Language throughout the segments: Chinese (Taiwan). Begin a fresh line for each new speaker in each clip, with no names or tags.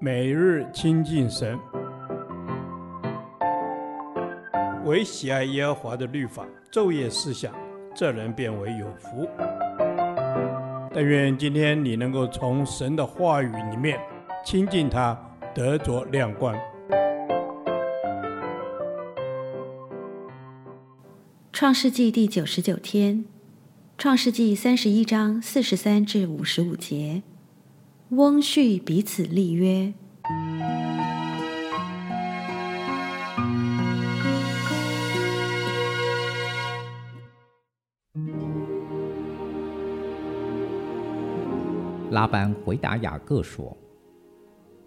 每日親近神，唯喜愛耶和華的律法，晝夜思想，這人便為有福。但願今天你能夠從神的話語裡面親近他，得着亮光。
創世記第九十九天，創世記三十一章四十三至五十五節。翁婿彼此立約。
拉班回答雅各說：“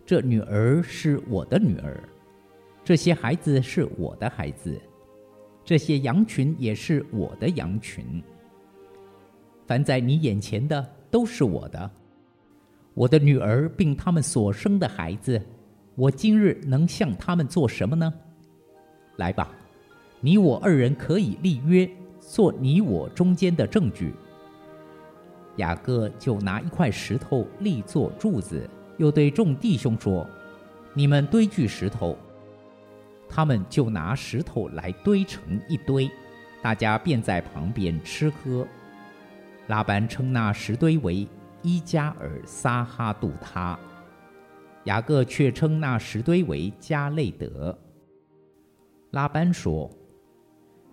這女兒是我的女兒，這些孩子是我的孩子，這些羊群也是我的羊群。凡在你眼前的都是我的。”我的女兒並他們所生的孩子，我今日能向他們做什麼呢？來吧，你我二人可以立約，做你我中間的證據。雅各就拿一塊石頭立作柱子，又對眾弟兄說：“你們堆聚石頭。”他們就拿石頭來堆成一堆，大家便在旁邊吃喝。拉班稱那石堆為。伊加爾撒哈杜他，雅各卻稱那石堆為迦累德。拉班說：“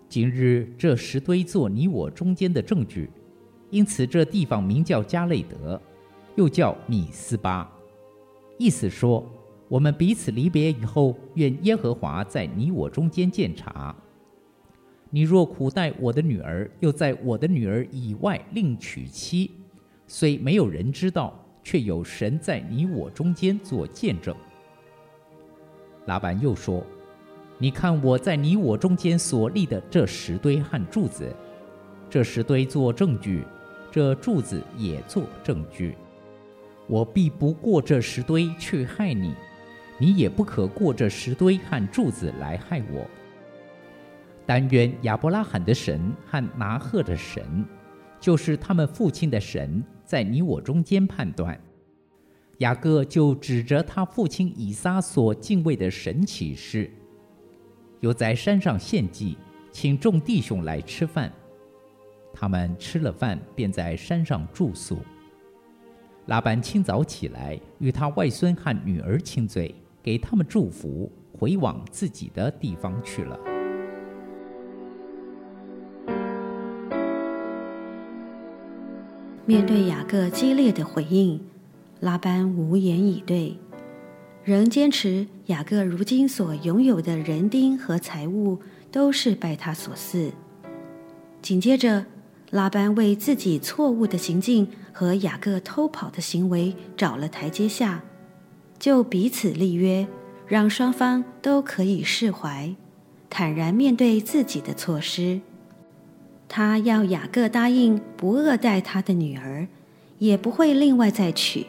今日這石堆做你我中間的證據，因此這地方名叫迦累德，又叫米斯巴。意思說，我們彼此離別以後，願耶和華在你我中間鑒察。你若苦待我的女兒，又在我的女兒以外另娶妻。”雖沒有人知道，卻有神在你我中間作見證。拉班又說：“你看我在你我中間所立的這石堆和柱子，這石堆做證據，這柱子也做證據。我必不過這石堆去害你，你也不可過這石堆和柱子來害我。但願亞伯拉罕的神和拿鶴的神。”就是他們父親的神在你我中間判斷。雅各就指着他父親以撒所敬畏的神起誓，又在山上獻祭，請眾弟兄來吃飯。他們吃了飯，便在山上住宿。拉班清早起來，與他外孫和女兒親嘴，給他們祝福，回往自己的地方去了。
面對雅各激烈的回應，拉班無言以對，仍堅持雅各如今所擁有的人丁和財物都是拜他所賜。緊接着，拉班為自己錯誤的行徑和雅各偷跑的行為找了台階下，就彼此立約，讓雙方都可以釋懷，坦然面對自己的錯失。他要雅各答應不惡待他的女兒，也不會另外再娶，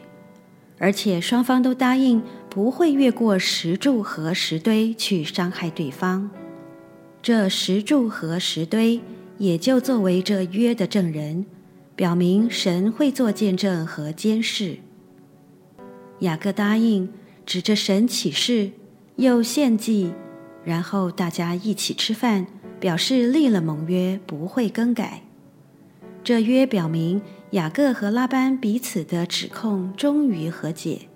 而且雙方都答應不會越過石柱和石堆去傷害對方。這石柱和石堆也就作為這約的證人，表明神會做見證和監視。雅各答應，指着神起誓，又獻祭，然後大家一起吃飯。表示立了盟約不會更改，這約表明雅各和拉班彼此的指控終於和解。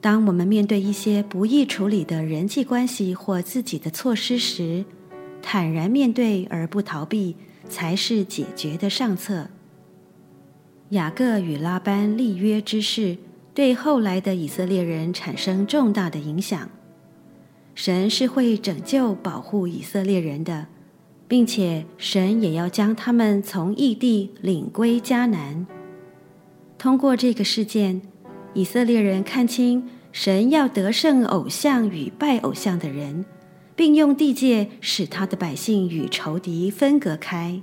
當我們面對一些不易處理的人際關係或自己的錯失時，坦然面對而不逃避才是解決的上策。雅各與拉班立約之事，對後來的以色列人產生重大的影響。神是會拯救、保護以色列人的，並且神也要將他們從異地領歸迦南。通過這個事件，以色列人看清神要得勝偶像與拜偶像的人，並用地界使他的百姓與仇敵分隔開。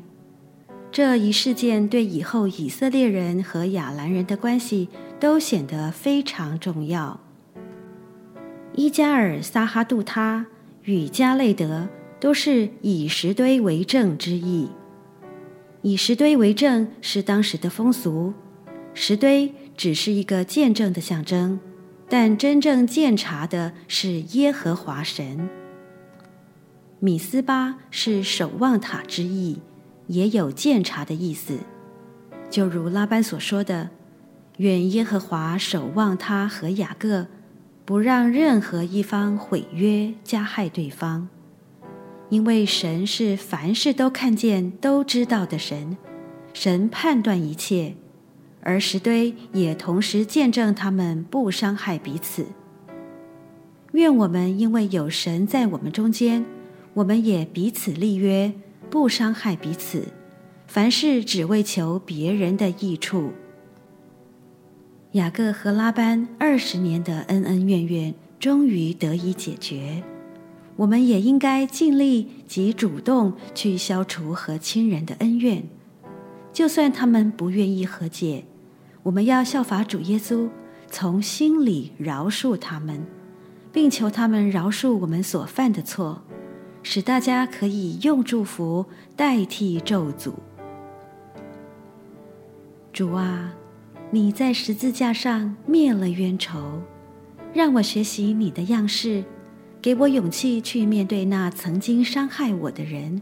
這一事件對以後以色列人和亞蘭人的關係都顯得非常重要。伊加爾·撒哈杜他與迦累得都是以石堆為證之意。以石堆為證是當時的風俗，石堆只是一個見證的象徵，但真正鑑察的是耶和華神。米斯巴是守望塔之意，也有鑑察的意思。就如拉班所說的：“願耶和華守望他和雅各。”不讓任何一方毀約加害對方，因為神是凡事都看見都知道的神，神判斷一切，而石堆也同時見證他們不傷害彼此。願我們因為有神在我們中間，我們也彼此立約，不傷害彼此，凡事只為求別人的益處。雅各和拉班二十年的恩恩怨怨，終於得以解決，我們也應該盡力及主動去消除和親人的恩怨，就算他們不願意和解，我們要效法主耶穌，從心裡饒恕他們，並求他們饒恕我們所犯的錯，使大家可以用祝福代替咒詛。主啊。你在十字架上滅了冤仇，讓我學習你的樣式，給我勇氣去面對那曾經傷害我的人，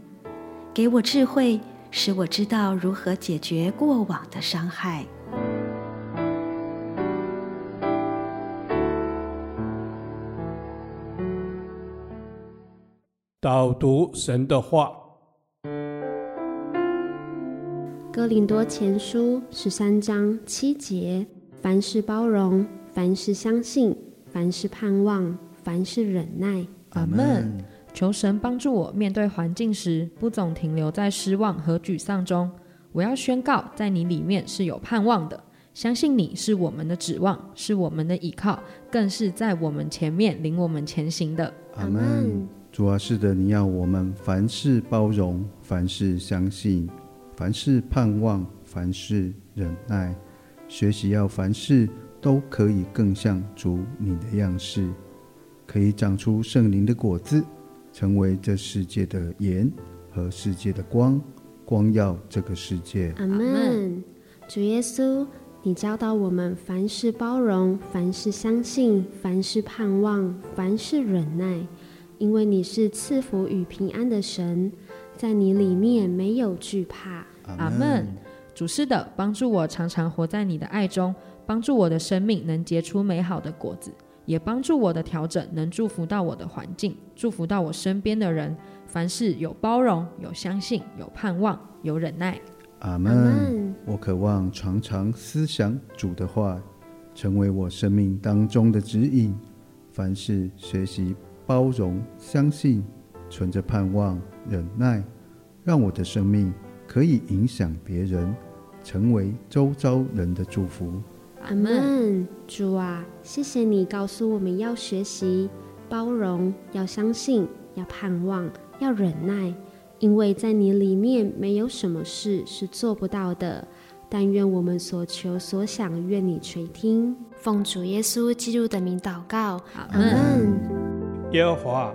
給我智慧，使我知道如何解決過往的傷害。
導讀神的話。哥
林多前書十三章七節：凡事包容，凡事相信，凡事盼望，凡事忍耐。阿門。求神幫助我面對環境時，不總停留在失望和沮喪中。我要宣告，在你裡面是有盼望的，相信你是我們的指望，是我們的依靠，更是在我們前面領我們前行的。阿門。
主啊，是的，你要我們凡事包容，凡事相信。凡事盼望，凡事忍耐，學習要凡事都可以更像主你的樣式，可以長出聖靈的果子，成為這世界的鹽和世界的光，光耀這個世界。阿
門。主耶穌，你教導我們凡事包容，凡事相信，凡事盼望，凡事忍耐，因為你是賜福與平安的神。在你裡面沒有懼怕，阿門 Amen。主是的，幫助我常常活在你的愛中，幫助我的生命能結出美好的果子，也幫助我的調整能祝福到我的環境，祝福到我身邊的人。凡事有包容，有相信，有盼望，有忍耐，
阿門 Amen。我渴望常常思想主的話，成為我生命當中的指引。凡事學習包容，相信。存着盼望、忍耐，讓我的生命可以影響別人，成為周遭人的祝福。
阿門。主啊，謝謝你告訴我們要學習包容，要相信，要盼望，要忍耐，因為在你裡面沒有什麼事是做不到的。但願我們所求所想，願你垂聽。奉主耶穌基督的名禱告。阿門。
耶和華啊。